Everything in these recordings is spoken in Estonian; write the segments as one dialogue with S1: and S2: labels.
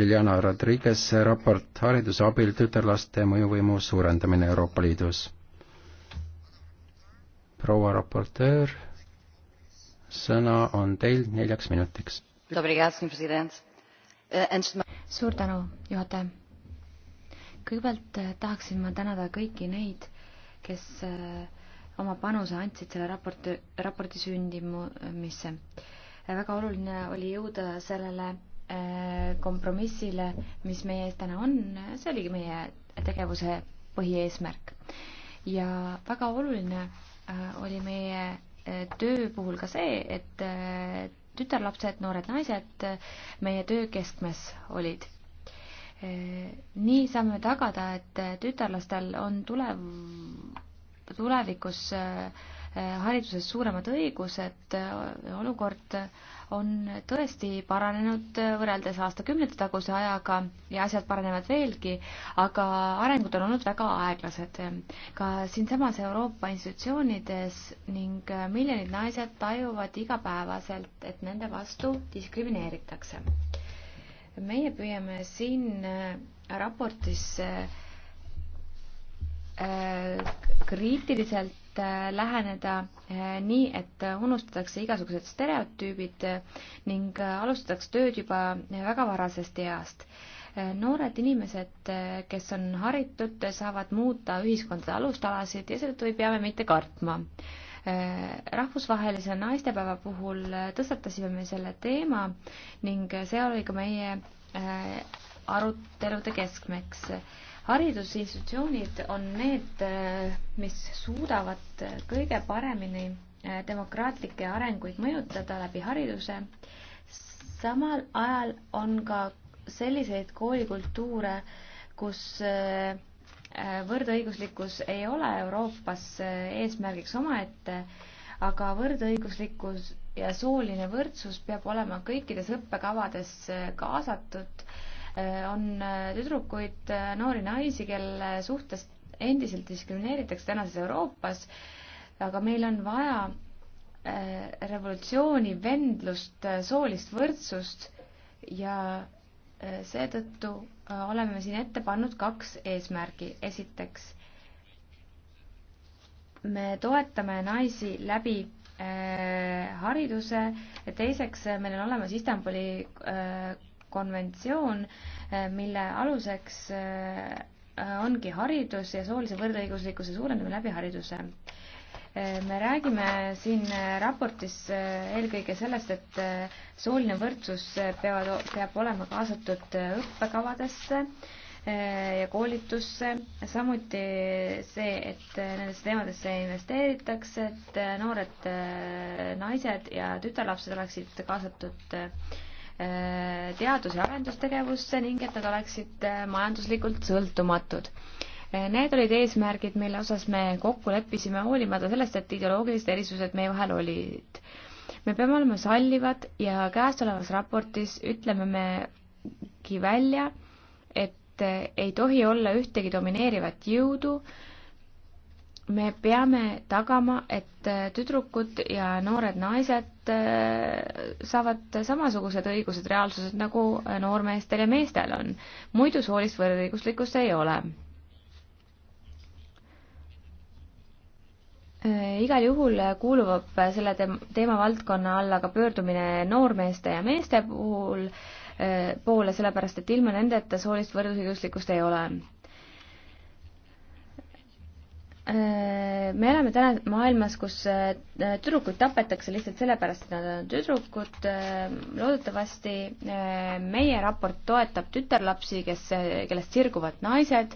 S1: Iljana Rodriguez raport Hariduse abil tütarlaste mõjuvõimu suurendamine Euroopa Liidus. proua raportöör, sõna on teil neljaks minutiks.
S2: Eh, suur tänu, juhataja. kõigepealt eh, tahaksin ma tänada kõiki neid, kes eh, oma panuse andsid selle raporti, raporti sündimisse. väga oluline oli jõuda sellele Äh, kompromissile, mis meie ees täna on, see oligi meie tegevuse põhieesmärk. ja väga oluline äh, oli meie äh, töö puhul ka see, et tütarlapsed, noored naised meie töö keskmes olid. nii saame tagada, et tütarlastel on tulev, tulevikus hariduses suuremad õigused, olukord on tõesti paranenud võrreldes aastakümnete taguse ajaga ja asjad paranevad veelgi, aga arengud on olnud väga aeglased. ka siinsamas Euroopa institutsioonides ning miljonid naised tajuvad igapäevaselt, et nende vastu diskrimineeritakse. meie püüame siin äh, raportis äh, kriitiliselt Äh, läheneda äh, nii, et äh, unustatakse igasugused stereotüübid ning alustatakse tööd juba väga varasest east. noored inimesed, kes on haritud, saavad muuta ühiskondade alustalasid ja seetõttu ei pea me mitte kartma. rahvusvahelise naistepäeva puhul tõstatasime me selle teema ning see oli ka meie arutelude keskmeks haridusinstitutsioonid on need, äh, mis suudavad äh, kõige paremini äh, demokraatlikke arenguid mõjutada läbi hariduse. samal ajal on ka selliseid koolikultuure, kus võrdõiguslikkus ei ole Euroopas eesmärgiks omaette, aga võrdõiguslikkus ja sooline võrdsus peab olema kõikides õppekavades kaasatud Äh, on äh, tüdrukuid, äh, noori naisi, kelle suhtes endiselt diskrimineeritakse tänases Euroopas, aga meil on vaja revolutsiooni, vendlust, soolist võrdsust ja seetõttu oleme siin ette pannud kaks eesmärgi. esiteks, me toetame naisi läbi hariduse, teiseks meil on olemas Istanbuli konventsioon, eh, mille aluseks eh, ongi haridus ja soolise võrdõiguslikkuse suurendamine läbi hariduse. Eh, me räägime siin raportis eelkõige sellest, et sooline võrdsus peavad, peab olema kaasatud õppekavadesse ja koolitusse, samuti see, et nendesse teemadesse investeeritakse, et noored naised ja tütarlapsed oleksid kaasatud Äh, teadus- ja arendustegevusse ning et nad oleksid äh, majanduslikult sõltumatud. Äh, need olid eesmärgid, mille osas me kokku leppisime, hoolimata sellest, et ideoloogilised erisused meie vahel olid. me peame olema sallivad ja käesolevas raportis ütleme megi välja, et ei tohi olla ühtegi domineerivat jõudu, me peame tagama, et äh, tüdrukud ja noored naised äh, saavad samasugused õigused reaalsused, nagu äh, noormeestel ja meestel on. muidu soolist võrdõiguslikkust ei ole. igal juhul kuulub selle teemavaldkonna alla ka pöördumine noormeeste ja meeste puhul, poole, sellepärast et ilma nendeta soolist võrdõiguslikkust ei ole Äh, me elame täna maailmas, kus äh, tüdrukuid tapetakse lihtsalt sellepärast, et nad on tüdrukud. Äh, loodetavasti meie raport toetab tütarlapsi, kes, kellest sirguvad naised.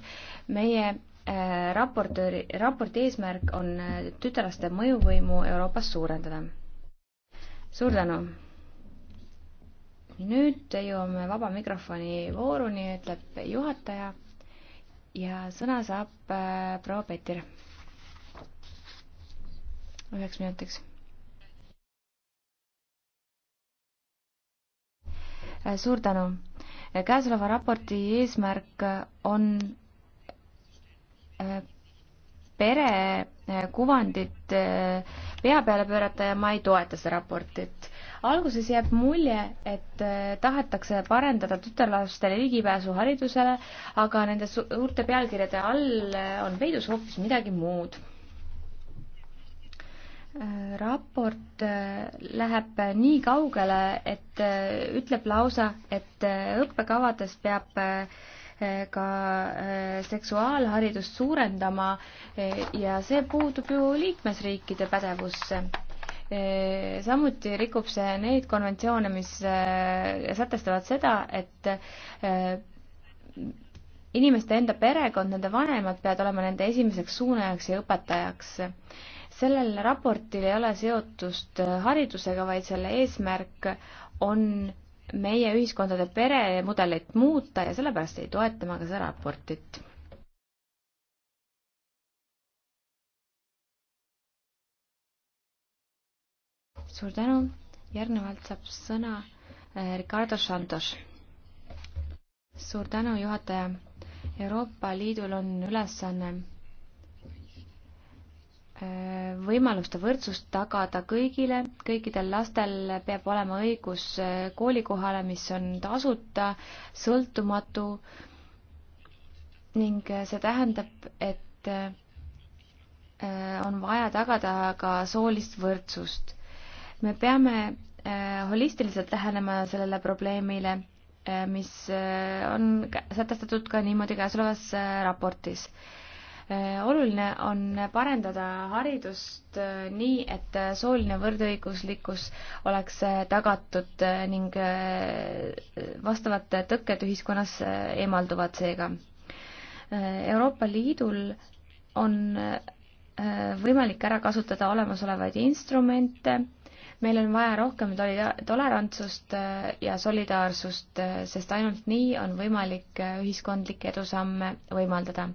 S2: meie raportööri, raporti eesmärk on tütarlaste mõjuvõimu Euroopas suurendada. suur tänu! nüüd jõuame vaba mikrofoni vooruni, ütleb juhataja ja sõna saab äh, proua Peeter. üheks minutiks. Äh, suur tänu. Äh, käesoleva raporti eesmärk on äh, perekuvandit äh, äh, pea peale pöörata ja ma ei toeta seda raportit alguses jääb mulje, et äh, tahetakse parendada tütarlastele ligipääsu haridusele, aga nende suurte pealkirjade all äh, on peidus hoopis midagi muud. Äh, raport läheb nii kaugele, et ütleb lausa, et õppekavades peab ka seksuaalharidust suurendama ja see puutub ju liikmesriikide pädevusse Eh, samuti rikub see neid konventsioone, mis eh, sätestavad seda, et eh, inimeste enda perekond, nende vanemad peavad olema nende esimeseks suunajaks ja õpetajaks. sellel raportil ei ole seotust haridusega, vaid selle eesmärk on meie ühiskondade peremudeleid muuta ja sellepärast ei toeta ma ka seda raportit suur tänu, järgnevalt saab sõna eh, Ricardo Santos. suur tänu, juhataja. Euroopa Liidul on ülesanne eh, võimaluste võrdsust tagada kõigile, kõikidel lastel peab olema õigus eh, koolikohale, mis on tasuta, sõltumatu ning see tähendab, et on vaja tagada ka soolist võrdsust me peame äh, holistiliselt lähenema sellele probleemile, äh, mis äh, on sätestatud ka niimoodi käesolevas raportis. oluline on parendada haridust nii, et sooline võrdõiguslikkus oleks tagatud ning vastavad tõkked ühiskonnas eemalduvad seega. Euroopa Liidul on võimalik ära kasutada olemasolevaid instrumente meil on vaja rohkem tolerantsust äh, ja solidaarsust, äh, sest ainult nii on võimalik äh, ühiskondlikke edusamme võimaldada.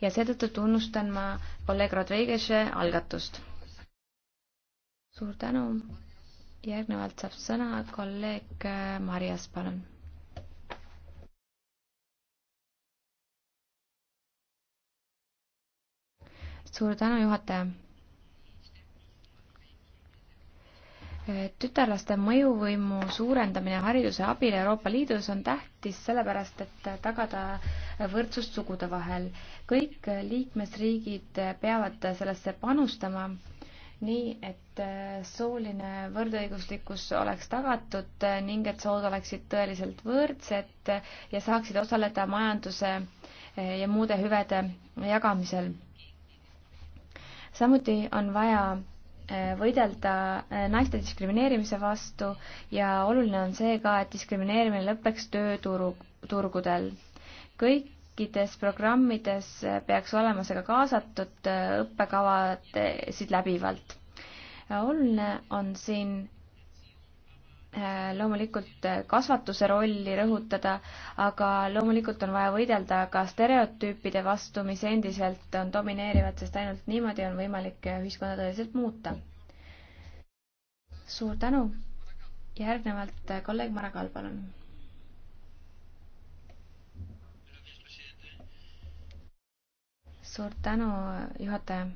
S2: ja seetõttu tunnustan ma kolleeg Rodriguez'e algatust. suur tänu. järgnevalt saab sõna kolleeg Marjas, palun suur tänu, juhataja tütarlaste mõjuvõimu suurendamine hariduse abil Euroopa Liidus on tähtis sellepärast, et tagada võrdsust sugude vahel. kõik liikmesriigid peavad sellesse panustama, nii et sooline võrdõiguslikkus oleks tagatud ning et sood oleksid tõeliselt võrdsed ja saaksid osaleda majanduse ja muude hüvede jagamisel. samuti on vaja Äh, võidelda äh, naiste diskrimineerimise vastu ja oluline on see ka, et diskrimineerimine lõpeks tööturu, turgudel. kõikides programmides äh, peaks olema see ka kaasatud õppekavasid läbivalt. oluline on siin Äh, loomulikult äh, kasvatuse rolli rõhutada, aga loomulikult on vaja võidelda ka stereotüüpide vastu, mis endiselt on domineerivad, sest ainult niimoodi on võimalik äh, ühiskonda tõeliselt muuta. suur tänu. järgnevalt kolleeg Mara Kall, palun. suur tänu, juhataja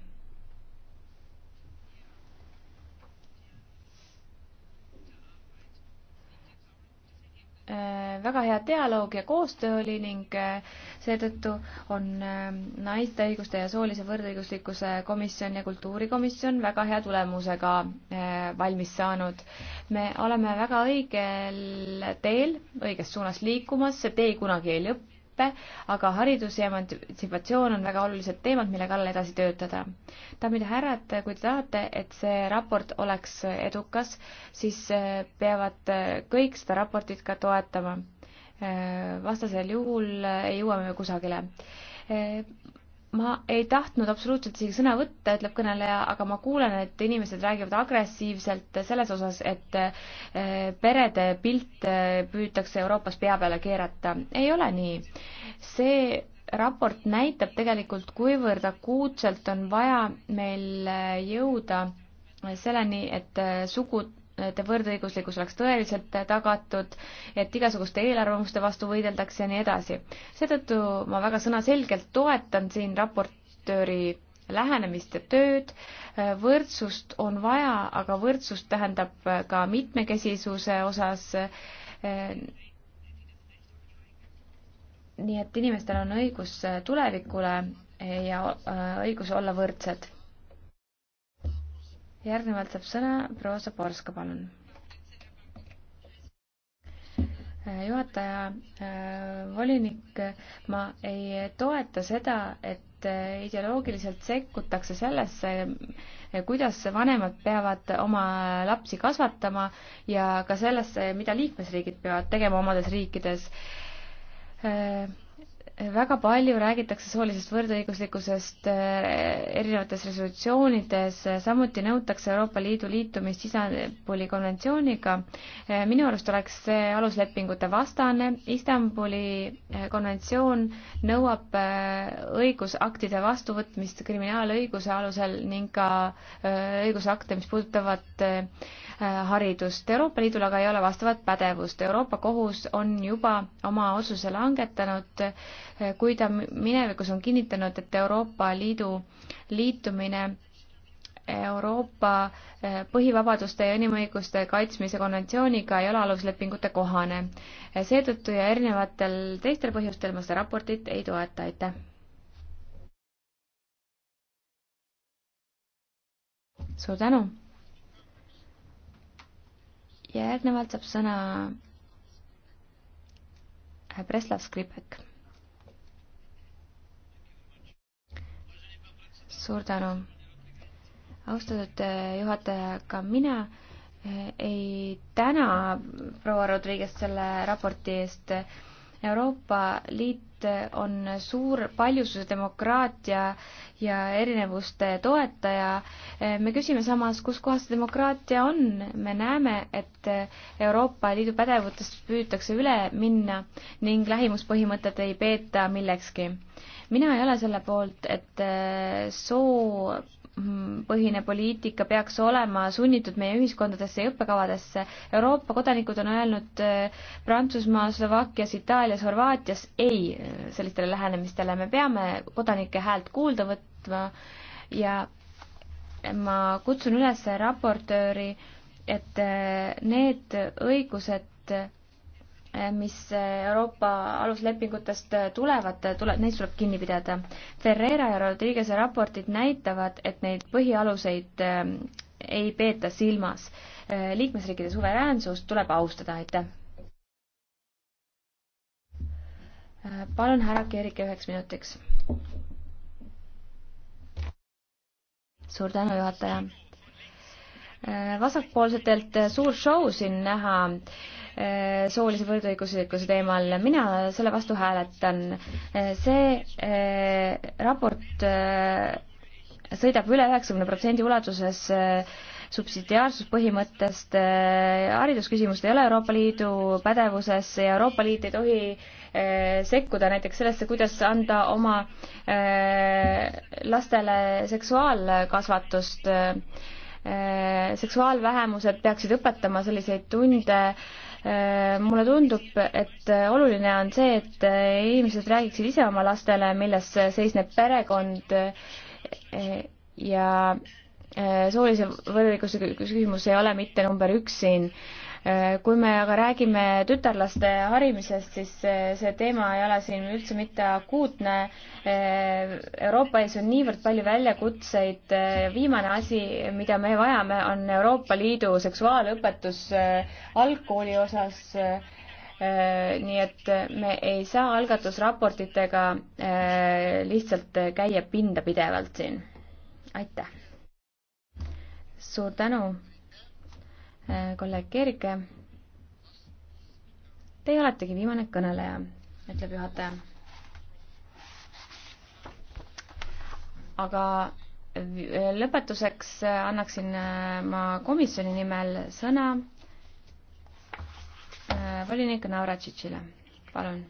S2: väga hea dialoog ja koostöö oli ning äh, seetõttu on äh, naiste õiguste ja soolise võrdõiguslikkuse komisjon ja kultuurikomisjon väga hea tulemusega äh, valmis saanud. me oleme väga õigel teel, õiges suunas liikumas, see tee kunagi ei lõpe õppe, aga haridus ja emantsipatsioon on väga olulised teemad, mille kallal edasi töötada. daamid ja härrad, kui te tahate, et see raport oleks edukas, siis peavad kõik seda raportit ka toetama. Äh, vastasel juhul ei jõua me kusagile. Äh, ma ei tahtnud absoluutselt isegi sõna võtta, ütleb kõneleja, aga ma kuulen, et inimesed räägivad agressiivselt selles osas, et äh, perede pilt püütakse Euroopas pea peale keerata. ei ole nii. see raport näitab tegelikult, kuivõrd akuutselt on vaja meil jõuda selleni, et sugud et võrdõiguslikkus oleks tõeliselt tagatud, et igasuguste eelarvamuste vastu võideldakse ja nii edasi. seetõttu ma väga sõnaselgelt toetan siin raportööri lähenemist ja tööd, võrdsust on vaja, aga võrdsust tähendab ka mitmekesisuse osas nii et inimestel on õigus tulevikule ja õigus olla võrdsed järgnevalt saab sõna proua Zaborska, palun. Äh, juhataja, äh, volinik, ma ei toeta seda, et äh, ideoloogiliselt sekkutakse sellesse, kuidas vanemad peavad oma lapsi kasvatama ja ka sellesse, mida liikmesriigid peavad tegema omades riikides väga palju räägitakse soolisest võrdõiguslikkusest eh, erinevates resolutsioonides, eh, samuti nõutakse Euroopa Liidu liitumist Istanbuli konventsiooniga. Eh, minu arust oleks see aluslepingute vastane. Istanbuli konventsioon nõuab õigusaktide vastuvõtmist kriminaalõiguse alusel ning ka õigusakte, mis puudutavad haridust. Euroopa Liidul aga ei ole vastavat pädevust. Euroopa Kohus on juba oma otsuse langetanud kui ta minevikus on kinnitanud, et Euroopa Liidu liitumine Euroopa eh, põhivabaduste ja inimõiguste kaitsmise konventsiooniga ei ole aluslepingute kohane. Eh, seetõttu ja erinevatel teistel põhjustel ma seda raportit ei toeta, aitäh. suur tänu. järgnevalt saab sõna eh, Preslav Skripek suur tänu. austatud äh, juhataja, ka mina äh, ei täna proua Rodriguez selle raporti eest. Euroopa Liit on suur paljususe demokraatia ja erinevuste toetaja. Äh, me küsime samas, kus kohas see demokraatia on. me näeme, et Euroopa Liidu pädevutest püütakse üle minna ning lähimuspõhimõtet ei peeta millekski mina ei ole selle poolt, et äh, soo põhine poliitika peaks olema sunnitud meie ühiskondadesse ja õppekavadesse. Euroopa kodanikud on öelnud äh, Prantsusmaa, Slovakkias, Itaalias, Horvaatias ei äh, sellistele lähenemistele, me peame kodanike häält kuulda võtma ja ma kutsun üles raportööri, et need õigused mis Euroopa aluslepingutest tulevad, tuleb, neist tuleb kinni pidada. Ferreira ja Rodriguez'e raportid näitavad, et neid põhialuseid ähm, ei peeta silmas. Äh, liikmesriikide suveräänsust tuleb austada, aitäh. Äh, palun, härra Kerik, üheks minutiks. suur tänu, juhataja. Äh, vasakpoolsetelt suur show siin näha Eh, soolise võrdõiguslikkuse teemal, mina selle vastu hääletan. Eh, see eh, raport sõidab üle üheksakümne protsendi ulatuses subsidiaarsuspõhimõttest, haridusküsimused ei ole Euroopa Liidu pädevuses ja Euroopa Liit ei tohi sekkuda näiteks sellesse, kuidas anda oma lastele seksuaalkasvatust seksuaalvähemused peaksid õpetama selliseid tunde Äh, mulle tundub, et äh, oluline on see, et äh, inimesed räägiksid ise oma lastele, milles seisneb perekond ja soolise võrdõiguslikkuse küsimus ei ole mitte number üks siin kui me aga räägime tütarlaste harimisest, siis eh, see teema ei ole siin üldse mitte akuutne. Eh, Euroopa ees on niivõrd palju väljakutseid. Eh, viimane asi, mida me vajame, on Euroopa Liidu seksuaalõpetus algkooli osas. nii et me ei saa algatusraportitega lihtsalt käia pinda pidevalt siin. aitäh! suur tänu! Äh, kolleeg Kirge. Teie oletegi viimane kõneleja, ütleb juhataja. aga äh, lõpetuseks äh, annaksin ma komisjoni nimel sõna volinik Navratšitšile, palun.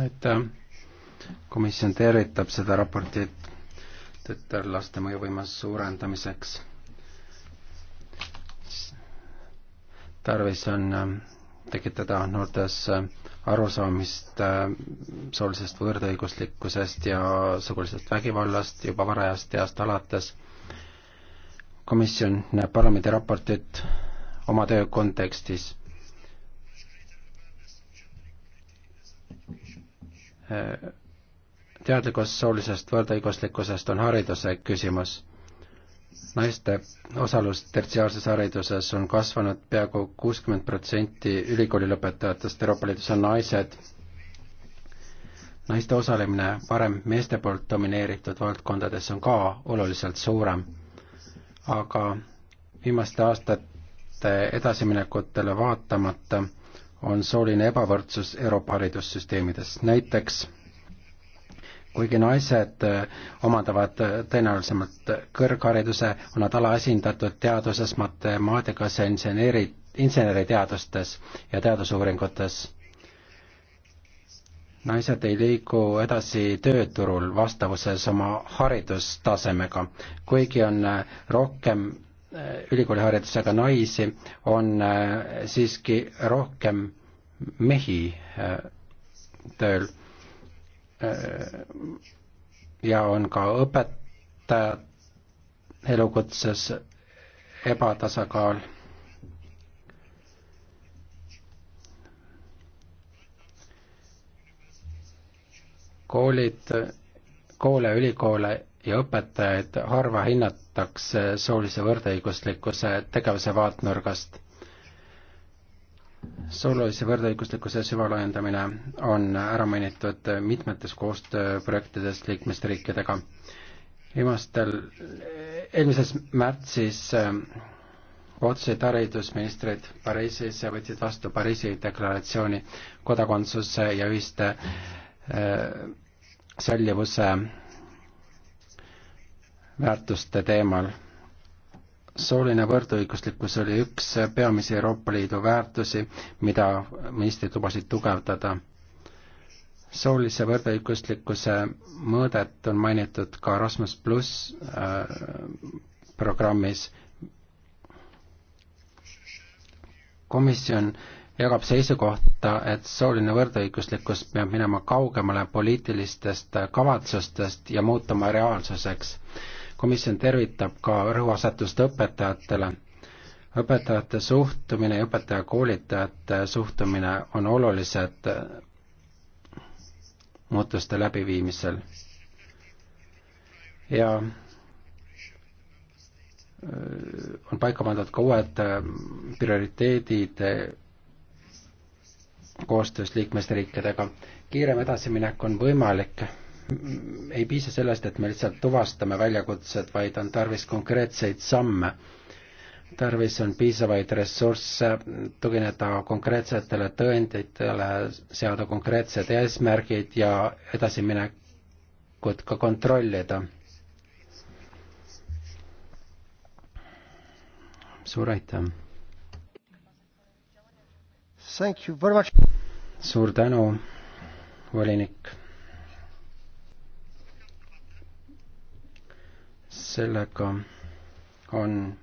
S1: aitäh, komisjon tervitab seda raportit tütarlaste mõjuvõime suurendamiseks. tarvis on äh, tekitada noortes äh, arusaamist äh, soolisest võõrdõiguslikkusest ja sugulisest vägivallast juba varajast east alates. komisjon näeb parlamendi raportit oma töö kontekstis teadlikkus soolisest võrdõiguslikkusest on hariduse küsimus. naiste osalus tertsiaalses hariduses on kasvanud peaaegu kuuskümmend protsenti ülikooli lõpetajatest Euroopa Liidus on naised. naiste osalemine varem meeste poolt domineeritud valdkondades on ka oluliselt suurem. aga viimaste aastate edasiminekutele vaatamata on sooline ebavõrdsus Euroopa haridussüsteemides, näiteks kuigi naised äh, omandavad äh, tõenäolisemalt kõrghariduse, on nad alaasindatud teaduses, matemaatikas ja inseneeri, inseneriteadustes ja teadusuuringutes. naised ei liigu edasi tööturul vastavuses oma haridustasemega, kuigi on äh, rohkem ülikooliharidusega naisi, on siiski rohkem mehi tööl Äh, ja on ka õpetajad elukutses ebatasakaal. koolid, koole, ülikoole ja õpetajaid harva hinnatakse soolise võrdõiguslikkuse tegevuse vaatnurgast soolise võrdõiguslikkuse süvalaiendamine on ära mainitud mitmetes koostööprojektides liikmesriikidega. viimastel, eelmises märtsis ähm, otsuseid haridusministrid Pariisis ja võtsid vastu Pariisi deklaratsiooni kodakondsuse ja ühiste äh, sallivuse väärtuste teemal sooline võrdõiguslikkus oli üks peamisi Euroopa Liidu väärtusi, mida ministrid lubasid tugevdada. soolise võrdõiguslikkuse mõõdet on mainitud ka Rasmus pluss äh, programmis. komisjon jagab seisukohta, et sooline võrdõiguslikkus peab minema kaugemale poliitilistest kavatsustest ja muutuma reaalsuseks komisjon tervitab ka rõhuasetust õpetajatele. õpetajate suhtumine ja õpetajakoolitajate suhtumine on olulised muutuste läbiviimisel. ja äh, on paika pandud ka uued äh, prioriteedid äh, koostöös liikmesriikidega. kiirem edasiminek on võimalik ei piisa sellest, et me lihtsalt tuvastame väljakutsed, vaid on tarvis konkreetseid samme. tarvis on piisavaid ressursse, tugineda konkreetsetele tõenditele, seada konkreetsed eesmärgid ja edasiminekut ka kontrollida. suur aitäh! suur tänu, volinik sellega on